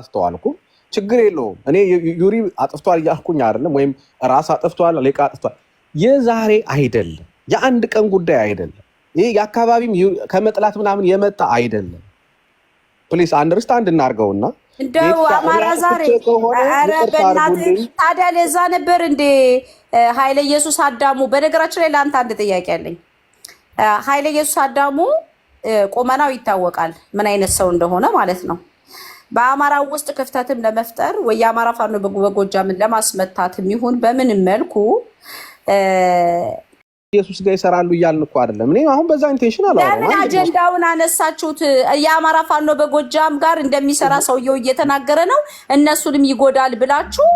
አላስተዋልኩም። ችግር የለውም። እኔ ዩሪ አጥፍቷል እያልኩኝ አይደለም፣ ወይም ራስ አጥፍቷል፣ ሌቃ አጥፍቷል። የዛሬ አይደለም፣ የአንድ ቀን ጉዳይ አይደለም። ይህ የአካባቢም ከመጥላት ምናምን የመጣ አይደለም። ፕሊስ አንደርስታንድ እናድርገውና እንደው አማራ ዛሬ ኧረ በእናትህ ታዲያ ለዛ ነበር እንዴ ኃይለ ኢየሱስ አዳሙ። በነገራችን ላይ ለአንተ አንድ ጥያቄ አለኝ። ኃይለ ኢየሱስ አዳሙ ቁመናው ይታወቃል፣ ምን አይነት ሰው እንደሆነ ማለት ነው። በአማራ ውስጥ ክፍተትን ለመፍጠር ወይ የአማራ ፋኖ በጎጃምን ለማስመታት የሚሆን በምንም መልኩ ኢየሱስ ጋር ይሰራሉ እያልን እኮ አይደለም። እኔ አሁን በዛ ኢንቴንሽን አለ። ለምን አጀንዳውን አነሳችሁት? የአማራ ፋኖ በጎጃም ጋር እንደሚሰራ ሰውየው እየተናገረ ነው፣ እነሱንም ይጎዳል ብላችሁ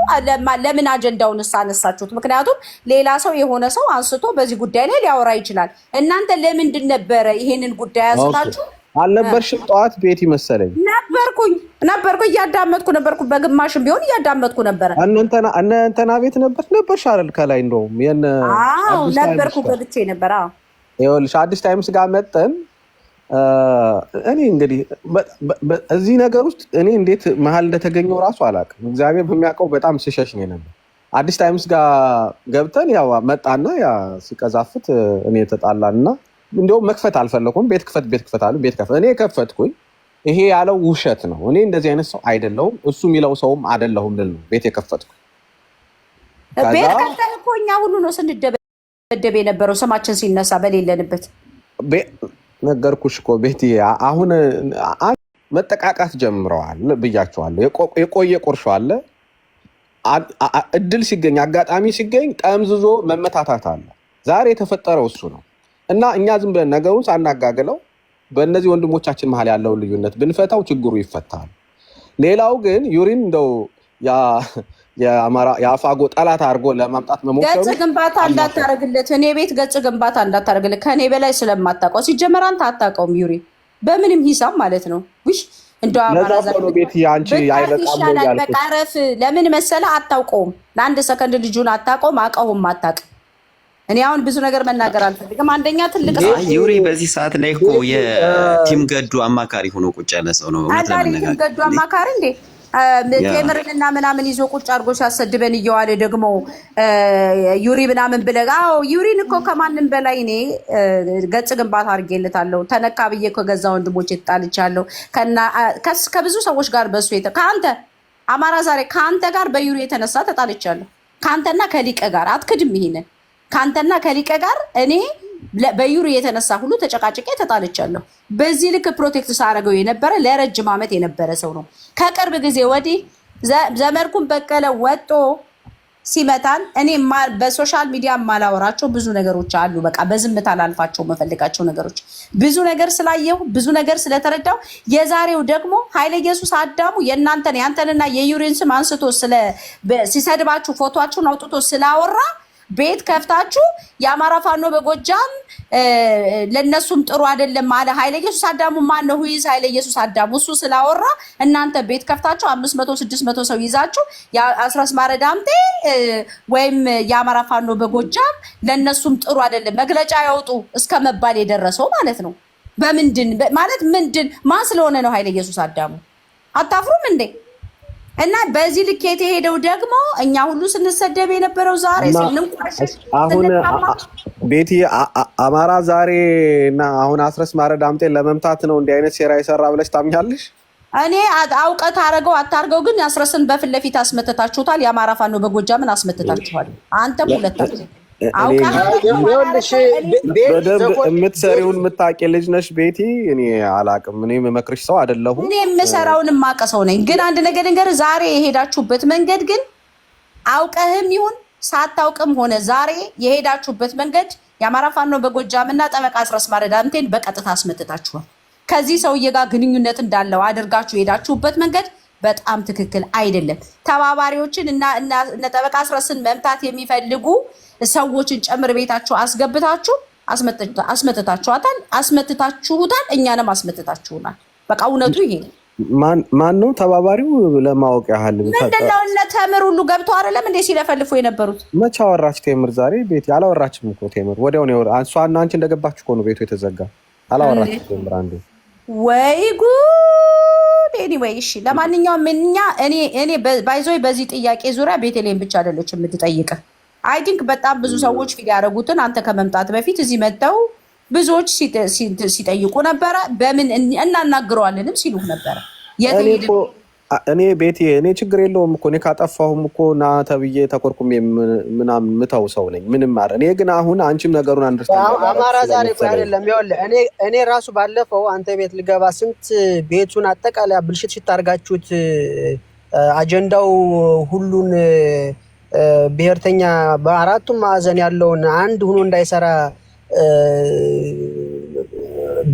ለምን አጀንዳውን እሳ አነሳችሁት? ምክንያቱም ሌላ ሰው የሆነ ሰው አንስቶ በዚህ ጉዳይ ላይ ሊያወራ ይችላል። እናንተ ለምንድን ነበረ ይሄንን ጉዳይ አንስታችሁ አልነበርሽም? ጠዋት ቤቲ መሰለኝ ነበርኩኝ ነበርኩ እያዳመጥኩ ነበርኩ። በግማሽም ቢሆን እያዳመጥኩ ነበረ። እነንተና ቤት ነበር ነበርሽ አይደል? ከላይ እንደውም ነበርኩ ገብቼ ነበር። ይኸውልሽ አዲስ ታይምስ ጋር መጠን እኔ እንግዲህ እዚህ ነገር ውስጥ እኔ እንዴት መሀል እንደተገኘው እራሱ አላውቅም። እግዚአብሔር በሚያውቀው በጣም ስሸሽ ነው ነበር። አዲስ ታይምስ ጋር ገብተን ያው መጣና ያ ሲቀዛፍት እኔ ተጣላን እና እንደውም መክፈት አልፈለኩም። ቤት ክፈት ቤት ክፈት አሉ። ቤት ከፈት እኔ ከፈትኩኝ። ይሄ ያለው ውሸት ነው። እኔ እንደዚህ አይነት ሰው አይደለሁም፣ እሱ የሚለው ሰውም አይደለሁም ልል ነው ቤት የከፈትኩ። ቤት ከፍተህ እኮ እኛ ሁሉ ነው ስንደበደብ የነበረው ስማችን ሲነሳ በሌለንበት። ነገርኩሽ እኮ ቤት አሁን መጠቃቃት ጀምረዋል ብያቸዋለሁ። የቆየ ቁርሾ አለ። እድል ሲገኝ አጋጣሚ ሲገኝ ጠምዝዞ መመታታት አለ። ዛሬ የተፈጠረው እሱ ነው። እና እኛ ዝም ብለን ነገሩን ሳናጋግለው በእነዚህ ወንድሞቻችን መሀል ያለውን ልዩነት ብንፈታው ችግሩ ይፈታል። ሌላው ግን ዩሪን እንደው የአፋጎ ጠላት አድርጎ ለማምጣት መሞከሩ ገጽ ግንባታ እንዳታደርግለት እኔ ቤት ገጽ ግንባታ እንዳታደርግለት ከእኔ በላይ ስለማታውቀው ሲጀመር አንተ አታውቀውም ዩሪ በምንም ሂሳብ ማለት ነው ውሽ እንደ ለምን መሰለ አታውቀውም ለአንድ ሰከንድ ልጁን አታውቀውም አውቀውም አታውቅም እኔ አሁን ብዙ ነገር መናገር አልፈልግም። አንደኛ ትልቅ ዩሪ በዚህ ሰዓት ላይ እኮ የቲም ገዱ አማካሪ ሆኖ ቁጭ ያለ ሰው ነው። ቲም ገዱ አማካሪ እንዴ እና ምናምን ይዞ ቁጭ አድርጎ ሲያሰድበን እየዋለ ደግሞ ዩሪ ምናምን ብለህ አዎ፣ ዩሪን እኮ ከማንም በላይ እኔ ገጽ ግንባታ አድርጌለታለሁ። ተነካ ብዬ ከገዛ ወንድሞች ትጣልቻለሁ። ከብዙ ሰዎች ጋር በሱ ከአንተ አማራ ዛሬ ከአንተ ጋር በዩሪ የተነሳ ተጣልቻለሁ። ከአንተና ከሊቀ ጋር አትክድም ይሄንን ከአንተና ከሊቀ ጋር እኔ በዩሪ የተነሳ ሁሉ ተጨቃጭቄ ተጣልቻለሁ። በዚህ ልክ ፕሮቴክት ሳረገው የነበረ ለረጅም ዓመት የነበረ ሰው ነው። ከቅርብ ጊዜ ወዲህ ዘመርኩን በቀለ ወጦ ሲመታን እኔ በሶሻል ሚዲያ ማላወራቸው ብዙ ነገሮች አሉ። በቃ በዝምታ ላልፋቸው መፈልጋቸው ነገሮች ብዙ ነገር ስላየሁ ብዙ ነገር ስለተረዳው፣ የዛሬው ደግሞ ኃይለ ኢየሱስ አዳሙ የእናንተን ያንተንና የዩሪን ስም አንስቶ ሲሰድባችሁ ፎቶችሁን አውጥቶ ስላወራ ቤት ከፍታችሁ የአማራ ፋኖ በጎጃም ለእነሱም ጥሩ አይደለም አለ ኃይለ ኢየሱስ አዳሙ። ማን ነው ይዝ ኃይለ ኢየሱስ አዳሙ? እሱ ስላወራ እናንተ ቤት ከፍታችሁ አምስት መቶ ስድስት መቶ ሰው ይዛችሁ የአስረስ ማረዳምቴ ወይም የአማራ ፋኖ በጎጃም ለእነሱም ጥሩ አይደለም መግለጫ ያውጡ እስከ መባል የደረሰው ማለት ነው። በምንድን ማለት ምንድን ማን ስለሆነ ነው ኃይለ ኢየሱስ አዳሙ? አታፍሩም እንዴ? እና በዚህ ልክ የተሄደው ደግሞ እኛ ሁሉ ስንሰደብ የነበረው ዛሬ አሁን ቤቲ አማራ ዛሬ እና አሁን አስረስ ማረ ዳምጤን ለመምታት ነው እንዲህ አይነት ሴራ የሰራ ብለሽ ታምኛለሽ? እኔ አውቀት አረገው አታርገው፣ ግን አስረስን በፊት ለፊት አስመተታችሁታል። የአማራ ፋኖ በጎጃምን አስመትታችኋል። አንተም ሁለታችሁ የምትሰሪውን የምታውቂ ልጅ ነሽ ቤቲ። እኔ አላቅም። እኔ የምመክርሽ ሰው አይደለሁም። እኔ የምሰራውን የማውቅ ሰው ነኝ። ግን አንድ ነገር ንገር። ዛሬ የሄዳችሁበት መንገድ ግን አውቀህም ይሁን ሳታውቅም ሆነ ዛሬ የሄዳችሁበት መንገድ የአማራ ፋኖ በጎጃም እና ጠበቃ አስረስ ማረ በቀጥታ አስመጥታችኋል። ከዚህ ሰውዬ ጋር ግንኙነት እንዳለው አድርጋችሁ የሄዳችሁበት መንገድ በጣም ትክክል አይደለም። ተባባሪዎችን እና ጠበቃ አስረስን መምታት የሚፈልጉ ሰዎችን ጨምር ቤታችሁ አስገብታችሁ አስመትታችኋታል፣ አስመትታችሁታል፣ እኛንም አስመትታችሁናል። በቃ እውነቱ ይሄ ነው። ማን ነው ተባባሪው? ለማወቅ ያህል ምንድነው? እነ ተምር ሁሉ ገብተው አይደለም እንዴ ሲለፈልፉ የነበሩት? መቼ አወራች ቴምር? ዛሬ ቤት አላወራችም እኮ ቴምር። ወዲያው ነው እሷና አንቺ እንደገባችሁ እኮ ነው ቤቱ የተዘጋ። አላወራችም ቴምር አንዴ። ወይ ጉድ! ኤኒዌይ እሺ፣ ለማንኛውም እኛ እኔ እኔ ባይዞይ በዚህ ጥያቄ ዙሪያ ቤቴሌን ብቻ አይደለች የምትጠይቀ አይ ቲንክ በጣም ብዙ ሰዎች ፊል ያደረጉትን አንተ ከመምጣት በፊት እዚህ መጥተው ብዙዎች ሲጠይቁ ነበረ። በምን እናናግረዋለንም ሲሉ ነበረ። እኔ ቤት እኔ ችግር የለውም እኮ እኔ ካጠፋሁም እኮ ና ተብዬ ተኮርኩሜ ምናምን ምተው ሰው ነኝ። ምንም ማረ እኔ ግን አሁን አንቺም ነገሩን አንደርስታንድ አማራ ዛሬ እኮ አይደለም። ይኸውልህ እኔ ራሱ ባለፈው አንተ ቤት ልገባ ስንት ቤቱን አጠቃላይ ብልሽት ሽታርጋችሁት አጀንዳው ሁሉን ብሔርተኛ በአራቱም ማዕዘን ያለውን አንድ ሁኖ እንዳይሰራ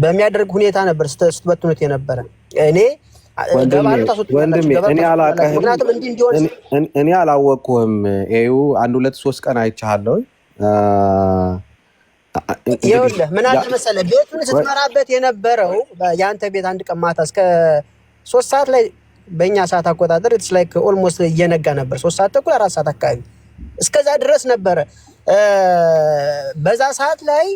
በሚያደርግ ሁኔታ ነበር ስትበትኑት የነበረ። እኔ እኔ አላወቅኩህም። ይኸው አንድ ሁለት ሶስት ቀን አይቻለሁ። ይኸውልህ ምን አለ መሰለህ ቤቱን ስትመራበት የነበረው የአንተ ቤት አንድ ቀን ማታ እስከ ሶስት ሰዓት ላይ በእኛ ሰዓት አቆጣጠር ኢትስ ላይክ ኦልሞስት እየነጋ ነበር፣ ሶስት ሰዓት ተኩል አራት ሰዓት አካባቢ እስከዛ ድረስ ነበረ። በዛ ሰዓት ላይ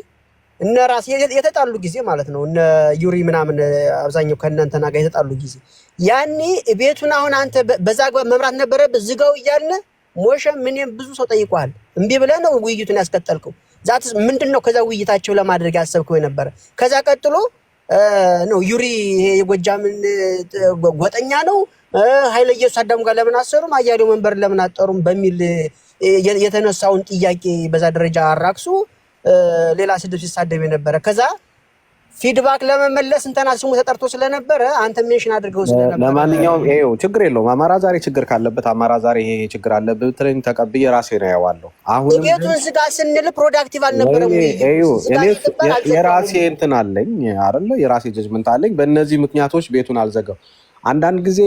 እነ ራስ የተጣሉ ጊዜ ማለት ነው እነ ዩሪ ምናምን አብዛኛው ከእናንተና ጋር የተጣሉ ጊዜ ያኔ ቤቱን አሁን አንተ በዛ አግባብ መምራት ነበረብህ። ዝጋው እያለ ሞሸ ምንም ብዙ ሰው ጠይቋል። እምቢ ብለህ ነው ውይይቱን ያስቀጠልከው። ዛትስ ምንድን ነው? ከዛ ውይይታቸው ለማድረግ ያሰብከው የነበረ ከዛ ቀጥሎ ነው ዩሪ ይሄ የጎጃምን ጎጠኛ ነው። ኃይለ ኢየሱስ አዳሙ ጋር ለምን አሰሩም? አያሌው መንበር ለምን አጠሩም? በሚል የተነሳውን ጥያቄ በዛ ደረጃ አራክሱ ሌላ ስድብ ሲሳደብ የነበረ ከዛ ፊድባክ ለመመለስ እንትና ስሙ ተጠርቶ ስለነበረ አንተ ሜንሽን አድርገው ስለነበረ፣ ለማንኛውም ይኸው ችግር የለውም። አማራ ዛሬ ችግር ካለበት አማራ ዛሬ ይሄ ችግር አለበት ብትለኝ ተቀብዬ ራሴ ነው ያዋለው። አሁን ቤቱን ስጋ ስንል ፕሮዳክቲቭ አልነበረም። የራሴ እንትን አለኝ አይደለ? የራሴ ጀጅመንት አለኝ። በእነዚህ ምክንያቶች ቤቱን አልዘጋው። አንዳንድ ጊዜ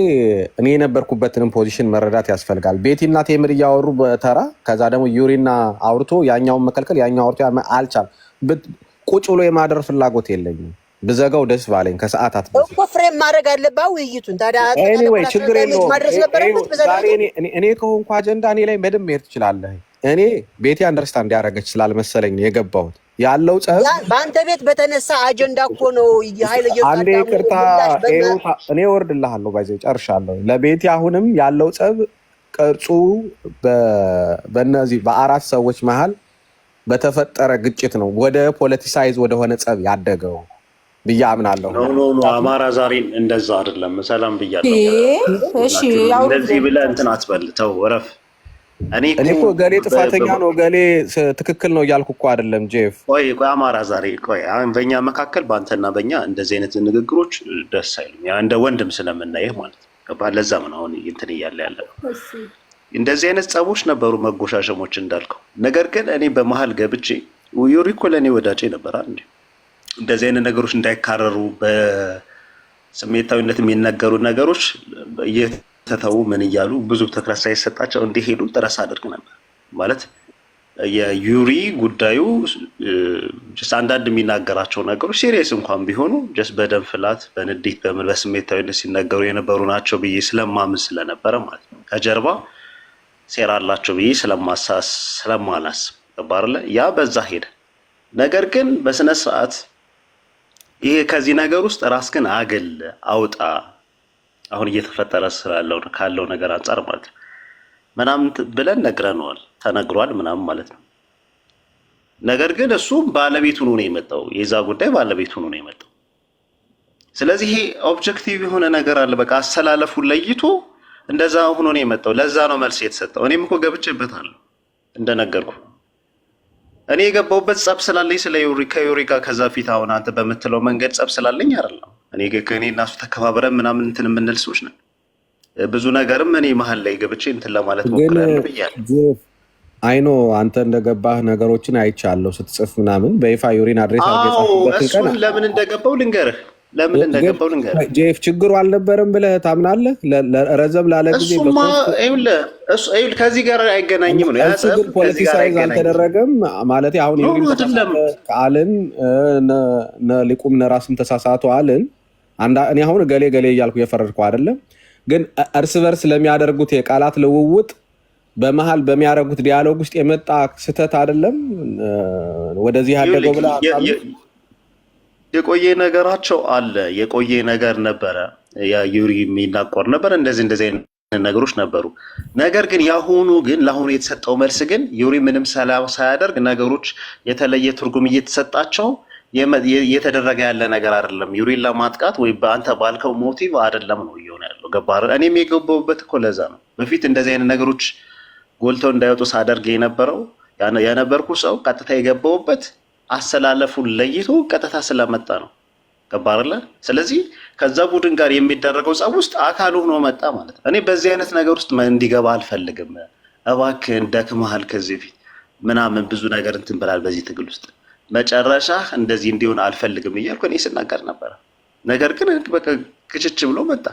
እኔ የነበርኩበትንም ፖዚሽን መረዳት ያስፈልጋል። ቤቲና ቴምር እያወሩ በተራ ከዛ ደግሞ ዩሪና አውርቶ ያኛውን መከልከል ያኛው አውርቶ አልቻል ቁጭ ብሎ የማደር ፍላጎት የለኝም። ብዘጋው ደስ ባለኝ። ከሰዓታት እኮ ፍሬም ማድረግ አለባ ውይይቱን። ታዲያ ችግር የለውም። እኔ ከሆንኩ አጀንዳ እኔ ላይ በደንብ መሄድ ትችላለህ። እኔ ቤቴ አንደርስታንድ ያደረገች ስላልመሰለኝ የገባሁት ያለው ጸብ በአንተ ቤት በተነሳ አጀንዳ እኮ ነው። ሀይለ አንዴ ቅርታ፣ እኔ ወርድልሃለሁ። ባይዘ ጨርሻለሁ። ለቤቴ አሁንም ያለው ጸብ ቅርጹ በነዚህ በአራት ሰዎች መሀል በተፈጠረ ግጭት ነው ወደ ፖለቲሳይዝ ወደሆነ ጸብ ያደገው ብዬ አምናለሁ። አማራ ዛሬ እንደዛ አይደለም። ሰላም ብያለሁ። እንደዚህ ብለህ እንትን አትበልተው ረፍ እኔ እኮ ገሌ ጥፋተኛ ነው ገሌ ትክክል ነው እያልኩ እኮ አይደለም። ጄፍ ቆይ ቆይ፣ አማራ ዛሬ ቆይ፣ በእኛ መካከል በአንተና በእኛ እንደዚህ አይነት ንግግሮች ደስ አይሉም። እንደ ወንድም ስለምናየህ ማለት ነው። ለዛም ነው አሁን እንትን እያለ ያለ ነው እንደዚህ አይነት ጸቦች ነበሩ፣ መጎሻሸሞች እንዳልከው። ነገር ግን እኔ በመሀል ገብቼ ዩሪ እኮ ለእኔ ወዳጄ ነበር። እንዲ እንደዚህ አይነት ነገሮች እንዳይካረሩ በስሜታዊነት የሚነገሩ ነገሮች እየተተዉ ምን እያሉ ብዙ ትኩረት ሳይሰጣቸው እንዲሄዱ ጥረስ አድርግ ነበር ማለት የዩሪ ጉዳዩ አንዳንድ የሚናገራቸው ነገሮች ሲሪየስ እንኳን ቢሆኑ ጀስት በደም ፍላት፣ በንዴት፣ በምን በስሜታዊነት ሲነገሩ የነበሩ ናቸው ብዬ ስለማምን ስለነበረ ማለት ነው ከጀርባ ሴራ አላቸው ብዬ ስለማሳስ ባርለ ያ በዛ ሄደ። ነገር ግን በስነ ስርዓት ይሄ ከዚህ ነገር ውስጥ ግን አግል አውጣ፣ አሁን እየተፈጠረ ስላለው ካለው ነገር አንጻር ማለት ነው ምናምን ብለን ነግረነዋል፣ ተነግሯል ምናምን ማለት ነው። ነገር ግን እሱ ባለቤቱ ነው የመጣው፣ የዛ ጉዳይ ባለቤቱ ነው የመጣው። ስለዚህ ይሄ ኦብጀክቲቭ የሆነ ነገር አለ። በቃ አሰላለፉን ለይቶ እንደዛ ሆኖ ነው የመጣው። ለዛ ነው መልስ የተሰጠው። እኔም እኮ ገብቼበታለሁ እንደነገርኩ እኔ የገባሁበት ጸብ ስላለኝ ስለ ዩሪ ከዩሪ ጋር ከዛ ፊት አሁን አንተ በምትለው መንገድ ጸብ ስላለኝ አይደለም። እኔ ከእኔ እናሱ ተከባብረን ምናምን እንትን የምንል ሰዎች ነን። ብዙ ነገርም እኔ መሀል ላይ ገብቼ እንትን ለማለት ሞክሬያለሁ ብያለሁ። አይኖ አንተ እንደገባህ ነገሮችን አይቻለሁ ስትጽፍ ምናምን በይፋ ዩሪን አድሬስ እሱን ለምን እንደገባው ልንገርህ ለምን እንደገባው ልንገርህ። ጄፍ ችግሩ አልነበረም ብለህ ታምናለህ? ረዘም ላለ ጊዜ ከዚህ ጋር አይገናኝም ነው ፖለቲሳይዝ አልተደረገም ማለት አሁን አልን ሊቁም ነራስም ተሳሳቱ አልን። እኔ አሁን ገሌ ገሌ እያልኩ እየፈረድኩ አይደለም፣ ግን እርስ በርስ ለሚያደርጉት የቃላት ልውውጥ በመሀል በሚያደርጉት ዲያሎግ ውስጥ የመጣ ስህተት አይደለም ወደዚህ ያደገው ብላ የቆየ ነገራቸው አለ። የቆየ ነገር ነበረ። ዩሪ የሚናቆር ነበር። እንደዚህ እንደዚህ አይነት ነገሮች ነበሩ። ነገር ግን ያሁኑ ግን ለአሁኑ የተሰጠው መልስ ግን ዩሪ ምንም ሰላም ሳያደርግ ነገሮች የተለየ ትርጉም እየተሰጣቸው እየተደረገ ያለ ነገር አይደለም። ዩሪን ለማጥቃት ወይ በአንተ ባልከው ሞቲቭ አይደለም ነው እየሆነ ያለው። ገባር እኔም የገባሁበት እኮ ለዛ ነው። በፊት እንደዚህ አይነት ነገሮች ጎልተው እንዳይወጡ ሳደርግ የነበረው የነበርኩ ሰው ቀጥታ የገባሁበት አሰላለፉን ለይቶ ቀጥታ ስለመጣ ነው። ገባርለ ስለዚህ ከዛ ቡድን ጋር የሚደረገው ጸብ ውስጥ አካል ሆኖ መጣ ማለት ነው። እኔ በዚህ አይነት ነገር ውስጥ እንዲገባ አልፈልግም። እባክህን ደክመሃል፣ ከዚህ ፊት ምናምን ብዙ ነገር እንትን ብላል። በዚህ ትግል ውስጥ መጨረሻ እንደዚህ እንዲሆን አልፈልግም እያልኩ እኔ ስናገር ነበረ። ነገር ግን ክችች ብሎ መጣ።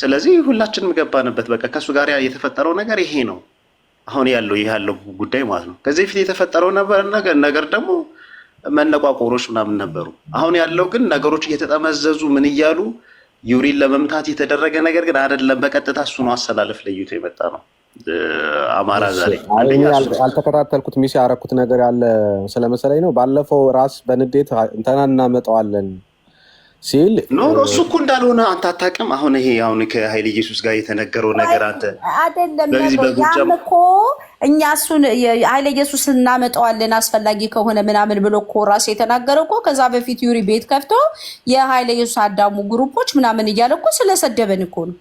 ስለዚህ ሁላችንም ገባንበት። በቃ ከእሱ ጋር የተፈጠረው ነገር ይሄ ነው። አሁን ያለው ይህ ያለው ጉዳይ ማለት ነው። ከዚህ በፊት የተፈጠረው ነበር ነገር ደግሞ መነቋቆሮች ምናምን ነበሩ። አሁን ያለው ግን ነገሮች እየተጠመዘዙ ምን እያሉ ዩሪን ለመምታት የተደረገ ነገር ግን አይደለም። በቀጥታ እሱ ነው አሰላለፍ ለይቶ የመጣ ነው። አማራ ዛሬ ያልተከታተልኩት ሚስ ያረኩት ነገር ያለ ስለመሰለኝ ነው። ባለፈው ራስ በንዴት እንተና እናመጠዋለን ሲል እሱ እኮ እንዳልሆነ አንተ አታውቅም። አሁን ይሄ አሁን ከኃይለ ኢየሱስ ጋር የተነገረው ነገር አንተ አይደለም። ያም እኮ እኛ እሱን ኃይለ ኢየሱስ እናመጣዋለን አስፈላጊ ከሆነ ምናምን ብሎ እኮ ራሱ የተናገረው እኮ ከዛ በፊት ዩሪ ቤት ከፍቶ የኃይለ ኢየሱስ አዳሙ ግሩፖች ምናምን እያለ እኮ ስለሰደበን እኮ ነው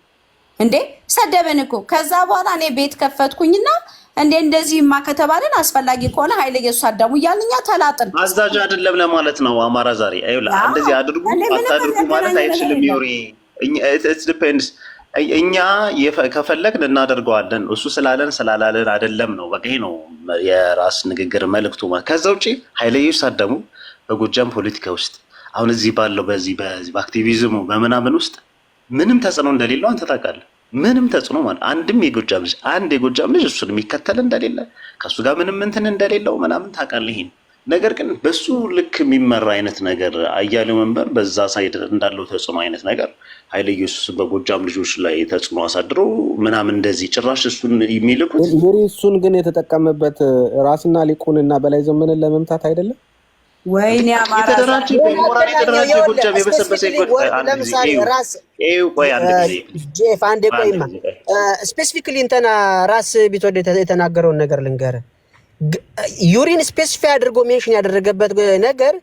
እንዴ፣ ሰደበን እኮ። ከዛ በኋላ እኔ ቤት ከፈትኩኝና እንዴ እንደዚህማ ከተባለን አስፈላጊ ከሆነ ኃይለ ኢየሱስ አዳሙ እያልን ተላጥን። አዛዥ አይደለም ለማለት ነው። አማራ ዛሬ አይውላ እንደዚህ አድርጉ አታድርጉ ማለት አይችልም። ዮሪ ዲፔንድስ እኛ ከፈለግን እናደርገዋለን። እሱ ስላለን ስላላለን አይደለም ነው። በቃ ይሄ ነው የራስ ንግግር መልእክቱ። ከዛ ውጭ ኃይለ ኢየሱስ አዳሙ በጎጃም ፖለቲካ ውስጥ አሁን እዚህ ባለው በዚህ በአክቲቪዝሙ በምናምን ውስጥ ምንም ተጽዕኖ እንደሌለው አንተ ታውቃለህ። ምንም ተጽዕኖ ማለት አንድም የጎጃም ልጅ አንድ የጎጃም ልጅ እሱን የሚከተል እንደሌለ ከእሱ ጋር ምንም እንትን እንደሌለው ምናምን ታውቃለህ። ይሄን ነገር ግን በሱ ልክ የሚመራ አይነት ነገር አያሌው መንበር በዛ ሳይድ እንዳለው ተጽዕኖ አይነት ነገር ኃይለ ኢየሱስ በጎጃም ልጆች ላይ ተጽዕኖ አሳድሮ ምናምን እንደዚህ ጭራሽ እሱን የሚልኩት እሱን ግን የተጠቀመበት ራስና ሊቁን እና በላይ ዘመንን ለመምታት አይደለም። ወይኔ እንተና ራስ ቢትወደድ የተናገረውን ነገር ልንገርህ። ዩሪን ስፔሲፋይ አድርጎ ሜንሽን ያደረገበት ነገር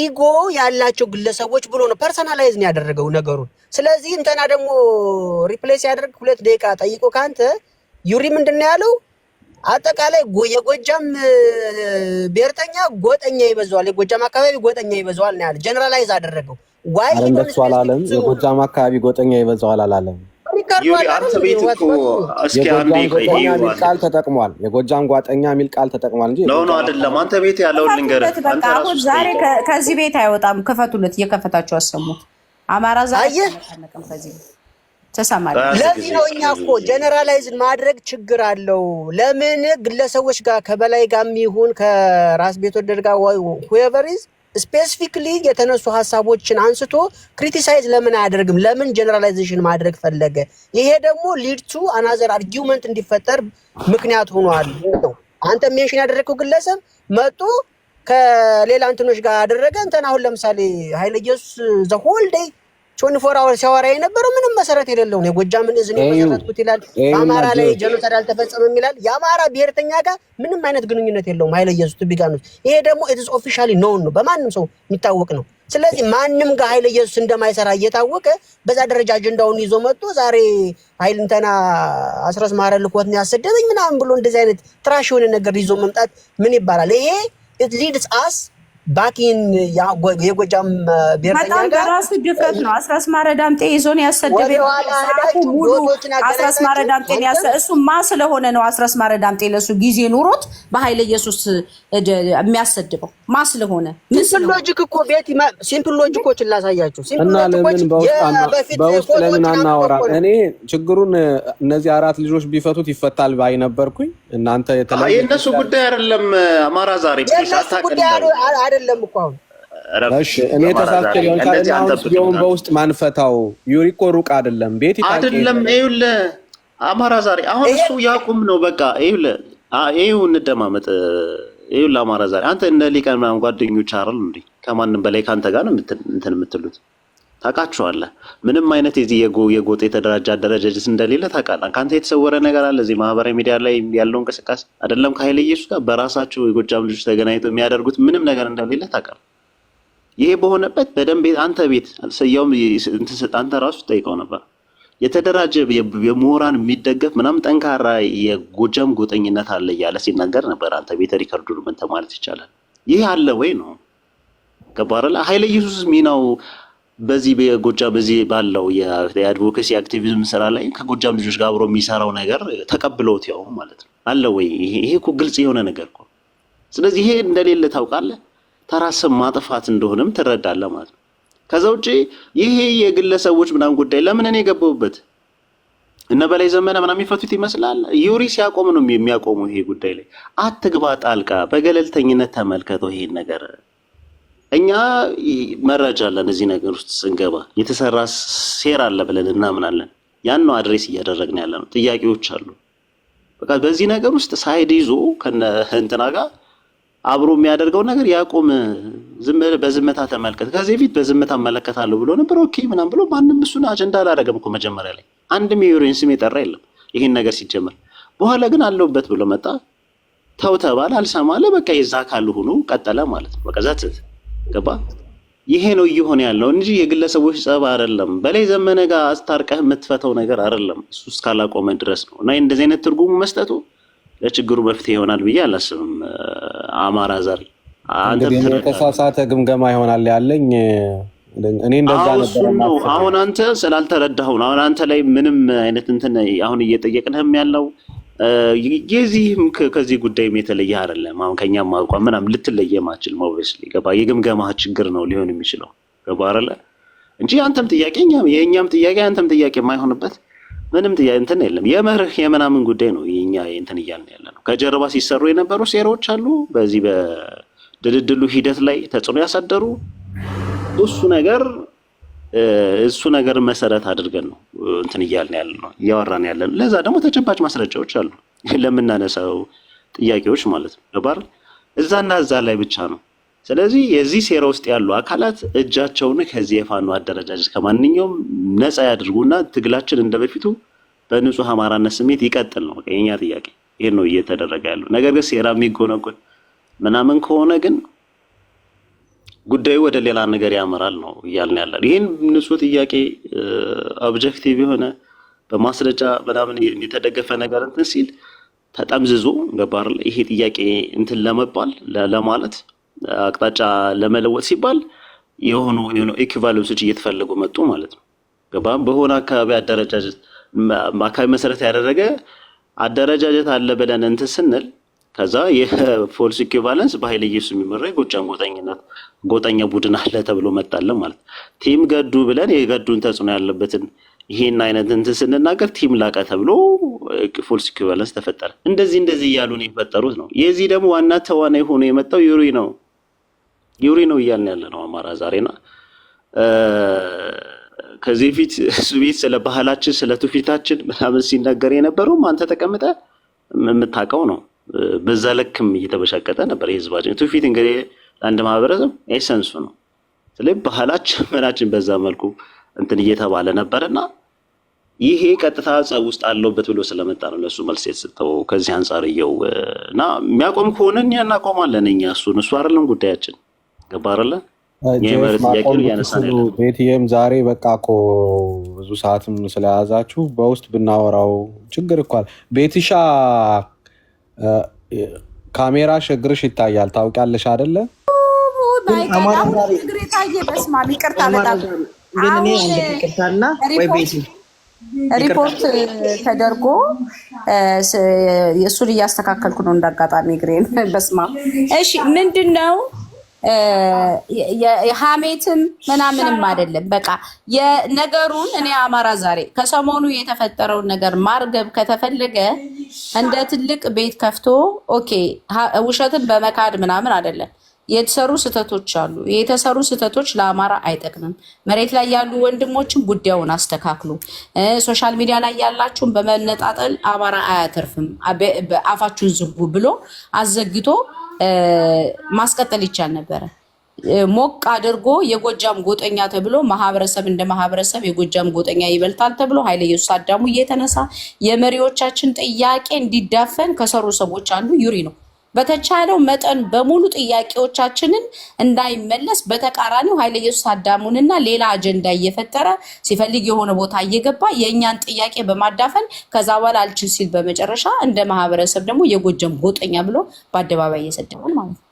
ኢጎ ያላቸው ግለሰቦች ብሎ ነው። ፐርሰናላይዝ ነው ያደረገው ነገሩን። ስለዚህ እንተና ደግሞ ሪፕሌስ ያደርግ ሁለት ደቂቃ ጠይቆ ከአንተ ዩሪ ምንድን ነው ያለው? አጠቃላይ የጎጃም ብሔርተኛ ጎጠኛ ይበዛዋል፣ የጎጃም አካባቢ ጎጠኛ ይበዛዋል ነው ያለ። ጀነራላይዝ አደረገው። ዋይ እንደሱ አላለም። የጎጃም አካባቢ ጎጠኛ ይበዛዋል አላለም። ቃል ተጠቅሟል። የጎጃም ጓጠኛ የሚል ቃል ተጠቅሟል እንጂ ለሆነ አይደለም። አንተ ቤት ያለውን ልንገርህ። ዛሬ ከዚህ ቤት አይወጣም። ክፈቱለት፣ እየከፈታችሁ አሰሙት። አማራ ዛሬ ከዚህ ተሰማል። ለዚህ ነው እኛ እኮ ጀነራላይዝ ማድረግ ችግር አለው። ለምን ግለሰቦች ጋር ከበላይ ጋር የሚሆን ከራስ ቤት ወደድ ጋር ሁቨሪዝ ስፔሲፊክሊ የተነሱ ሀሳቦችን አንስቶ ክሪቲሳይዝ ለምን አያደርግም? ለምን ጀነራላይዜሽን ማድረግ ፈለገ? ይሄ ደግሞ ሊድቱ አናዘር አርጊመንት እንዲፈጠር ምክንያት ሆኗል ነው። አንተ ሜንሽን ያደረግከው ግለሰብ መጡ ከሌላ እንትኖች ጋር አደረገ እንትን አሁን ለምሳሌ ኃይለ ኢየሱስ ዘ ሆል ቾኒፎር አወር ሲያወራ የነበረው ምንም መሰረት የሌለው ነው። ጎጃም እዝ ነው መሰረትኩት ይላል። በአማራ ላይ ጀኖሳይድ አልተፈጸመም ይላል። የአማራ ብሔርተኛ ጋር ምንም አይነት ግንኙነት የለውም ኃይለ ኢየሱስ ቱቢጋኖ። ይሄ ደግሞ ኢትስ ኦፊሻሊ ኖውን ነው፣ በማንም ሰው የሚታወቅ ነው። ስለዚህ ማንም ጋር ኃይለ ኢየሱስ እንደማይሰራ እየታወቀ በዛ ደረጃ አጀንዳውን ይዞ መጥቶ ዛሬ ኃይል እንተና አስረስ ማረ ልኮት ነው ያሰደበኝ ምናምን ብሎ እንደዚህ አይነት ትራሽ የሆነ ነገር ይዞ መምጣት ምን ይባላል? ይሄ ኢት ሊድስ አስ ባኪን የጎጃም በጣም በራሱ ድፍረት ነው። አስራስ ማረዳምጤ ይዞን ያሰደበ ሙሉ አስራስ ማረዳምጤን ያሰ እሱ ማ ስለሆነ ነው። አስራስ ማረዳምጤ ለሱ ጊዜ ኑሮት በኃይለ ኢየሱስ የሚያሰድበው ማ ስለሆነ ሲምፕል ሎጂክ እኮ ቤት ሲምፕል ሎጂኮችን ላሳያችሁ እና ለምን በውስጥ ለምን አናወራ? እኔ ችግሩን እነዚህ አራት ልጆች ቢፈቱት ይፈታል ባይ ነበርኩኝ። እናንተ የተለያየ የእነሱ ጉዳይ አይደለም። አማራ ዛሬ የእነሱ ጉዳይ አይደለም እኮ አሁን እኔ ተሳስቼ ሊሆን ካለሁን በውስጥ ማንፈታው ዩሪኮ ሩቅ አይደለም። ቤት አይደለም ይኸውልህ፣ አማራ ዛሬ አሁን እሱ ያቁም ነው በቃ። ይኸውልህ ይኸው እንደማመጥ ይኸውልህ፣ አማራ ዛሬ አንተ እነ ሊቀን ምናምን ጓደኞች አይደል እንዴ? ከማንም በላይ ከአንተ ጋር ነው እንትን የምትሉት ታውቃችኋለህ። ምንም አይነት የዚህ የጎጥ የተደራጀ አደረጃጀት እንደሌለ ታውቃለህ። ከአንተ የተሰወረ ነገር አለ እዚህ ማህበራዊ ሚዲያ ላይ ያለው እንቅስቃሴ አይደለም ከኃይለ ኢየሱስ ጋር በራሳቸው የጎጃም ልጆች ተገናኝተው የሚያደርጉት ምንም ነገር እንደሌለ ታውቃለህ። ይሄ በሆነበት በደንብ አንተ ቤት ሰያውም አንተ ራሱ ጠይቀው ነበር የተደራጀ የምሁራን የሚደገፍ ምናምን ጠንካራ የጎጃም ጎጠኝነት አለ እያለ ሲናገር ነበር። አንተ ቤተ ሪከርዱን ምንተ ማለት ይቻላል ይህ አለ ወይ ነው ገባረላ ኃይለ ኢየሱስ ሚናው በዚህ በጎጃ በዚህ ባለው የአድቮኬሲ አክቲቪዝም ስራ ላይ ከጎጃም ልጆች ጋር አብሮ የሚሰራው ነገር ተቀብለውት ያው ማለት ነው አለ ወይ? ይሄ እኮ ግልጽ የሆነ ነገር እኮ። ስለዚህ ይሄ እንደሌለ ታውቃለህ። ተራ ማጥፋት እንደሆነም ትረዳለህ ማለት ነው። ከዛ ውጭ ይሄ የግለሰቦች ምናምን ጉዳይ ለምን እኔ የገባሁበት እነ በላይ ዘመነ ምናምን የሚፈቱት ይመስላል። ዩሪ ሲያቆም ነው የሚያቆሙ። ይሄ ጉዳይ ላይ አትግባ ጣልቃ፣ በገለልተኝነት ተመልከተው ይሄን ነገር እኛ መረጃ አለን። እዚህ ነገር ውስጥ ስንገባ የተሰራ ሴራ አለ ብለን እናምናለን። ያን ነው አድሬስ እያደረግን ያለ ነው። ጥያቄዎች አሉ። በቃ በዚህ ነገር ውስጥ ሳይድ ይዞ ከነ እንትና ጋር አብሮ የሚያደርገው ነገር ያቁም። በዝምታ ተመልከት። ከዚህ ፊት በዝምታ እመለከታለሁ ብሎ ነበር። ኦኬ ምናም ብሎ ማንም እሱን አጀንዳ አላደረገም እኮ መጀመሪያ ላይ አንድም የዩሬን ስም የጠራ የለም ይህን ነገር ሲጀመር። በኋላ ግን አለውበት ብሎ መጣ። ተው ተባለ፣ አልሰማለ። በቃ የዛ አካል ሆኖ ቀጠለ ማለት ነው በቃ ገባ? ይሄ ነው እየሆነ ያለው እንጂ የግለሰቦች ጸብ አይደለም። በላይ ዘመነ ጋር አስታርቀህ የምትፈተው ነገር አይደለም። እሱ እስካላቆመ ድረስ ነው እና እንደዚህ አይነት ትርጉሙ መስጠቱ ለችግሩ መፍትሄ ይሆናል ብዬ አላስብም። አማራ ዘር ተሳሳተ ግምገማ ይሆናል ያለኝ እኔ ነው። አሁን አንተ ስላልተረዳሁን አሁን አንተ ላይ ምንም አይነት እንትን አሁን እየጠየቅንህም ያለው የዚህም ከዚህ ጉዳይም የተለየ አይደለም። አሁን ከኛም ማቋ ምናም ልትለየ ማችል ሞስ ገባ የግምገማ ችግር ነው ሊሆን የሚችለው ገባ አለ እንጂ አንተም ጥያቄ የእኛም ጥያቄ አንተም ጥያቄ የማይሆንበት ምንም ጥያቄ እንትን የለም። የመርህ የምናምን ጉዳይ ነው የኛ እንትን እያልን ያለ ነው። ከጀርባ ሲሰሩ የነበሩ ሴራዎች አሉ። በዚህ በድልድሉ ሂደት ላይ ተጽዕኖ ያሳደሩ እሱ ነገር እሱ ነገር መሰረት አድርገን ነው እንትን እያልን ያለ ነው እያወራን ያለ ነው። ለዛ ደግሞ ተጨባጭ ማስረጃዎች አሉ ለምናነሳው ጥያቄዎች ማለት ነው። ገባር እዛና እዛ ላይ ብቻ ነው። ስለዚህ የዚህ ሴራ ውስጥ ያሉ አካላት እጃቸውን ከዚህ የፋኖ አደረጃጀት ከማንኛውም ነፃ ያድርጉና ትግላችን እንደበፊቱ በንጹህ አማራነት ስሜት ይቀጥል ነው የኛ ጥያቄ። ይህን ነው እየተደረገ ያለው ነገር ግን ሴራ የሚጎነጎን ምናምን ከሆነ ግን ጉዳዩ ወደ ሌላ ነገር ያመራል ነው እያልን ያለን። ይህን ንጹህ ጥያቄ ኦብጀክቲቭ የሆነ በማስረጃ በጣም የተደገፈ ነገር እንትን ሲል ተጠምዝዞ ገባር ይሄ ጥያቄ እንትን ለመባል ለማለት አቅጣጫ ለመለወጥ ሲባል የሆኑ ኢኩቫለንሶች እየተፈለጉ መጡ ማለት ነው። ገባ በሆነ አካባቢ አደረጃጀት አካባቢ መሰረት ያደረገ አደረጃጀት አለ ብለን እንትን ስንል ከዛ የፎልስ ኢኩቫለንስ በኃይለ ኢየሱስ የሚመራ የጎጃም ጎጠኝነት ጎጠኛ ቡድን አለ ተብሎ መጣለን ማለት ቲም ገዱ ብለን የገዱን ተጽዕኖ ያለበትን ይህን አይነት እንትን ስንናገር ቲም ላቀ ተብሎ ፎልስ ኢኩቫለንስ ተፈጠረ። እንደዚህ እንደዚህ እያሉ ነው የፈጠሩት ነው። የዚህ ደግሞ ዋና ተዋናይ ሆኖ የመጣው ዩሪ ነው። ዩሪ ነው እያልን ያለ ነው አማራ ዛሬና ከዚህ ፊት ቤት ስለ ባህላችን ስለ ትውፊታችን ምናምን ሲነገር የነበረው አንተ ተቀምጠ የምታውቀው ነው። በዛ ልክም እየተበሻቀጠ ነበር የህዝባችን ትውፊት። እንግዲህ ለአንድ ማህበረሰብ ኤሰንሱ ነው። ስለዚህ ባህላችን ምናችን በዛ መልኩ እንትን እየተባለ ነበር እና ይሄ ቀጥታ ጸብ ውስጥ አለውበት ብሎ ስለመጣ ነው ለእሱ መልስ የተሰጠው። ከዚህ አንጻር እየው እና የሚያቆም ከሆነ እኛ እናቆማለን። እኛ እሱን እሱ አይደለም ጉዳያችን። ገባ አለ ቤትዬም ዛሬ በቃ እኮ ብዙ ሰዓትም ስለያዛችሁ በውስጥ ብናወራው ችግር እኳል ቤትሻ ካሜራ ሽግርሽ ይታያል። ታውቂያለሽ አደለ? ሪፖርት ተደርጎ እሱን እያስተካከልኩ ነው እንዳጋጣሚ እግሬን። በስማ እሺ ምንድን ነው የሀሜትም ምናምንም አይደለም። በቃ የነገሩን እኔ አማራ ዛሬ ከሰሞኑ የተፈጠረውን ነገር ማርገብ ከተፈለገ እንደ ትልቅ ቤት ከፍቶ ኦኬ፣ ውሸትን በመካድ ምናምን አይደለም። የተሰሩ ስህተቶች አሉ። የተሰሩ ስህተቶች ለአማራ አይጠቅምም። መሬት ላይ ያሉ ወንድሞችን ጉዳዩን አስተካክሉ። ሶሻል ሚዲያ ላይ ያላችሁን በመነጣጠል አማራ አያተርፍም፣ አፋችሁን ዝጉ ብሎ አዘግቶ ማስቀጠል ይቻል ነበረ። ሞቅ አድርጎ የጎጃም ጎጠኛ ተብሎ ማህበረሰብ እንደ ማህበረሰብ የጎጃም ጎጠኛ ይበልጣል ተብሎ ኃይለ ኢየሱስ አዳሙ እየተነሳ የመሪዎቻችን ጥያቄ እንዲዳፈን ከሰሩ ሰዎች አንዱ ዩሪ ነው። በተቻለው መጠን በሙሉ ጥያቄዎቻችንን እንዳይመለስ በተቃራኒው ኃይለ ኢየሱስ አዳሙንና ሌላ አጀንዳ እየፈጠረ ሲፈልግ የሆነ ቦታ እየገባ የእኛን ጥያቄ በማዳፈን ከዛ በኋላ አልችል ሲል በመጨረሻ እንደ ማህበረሰብ ደግሞ የጎጀም ጎጠኛ ብሎ በአደባባይ እየሰደበን ማለት ነው።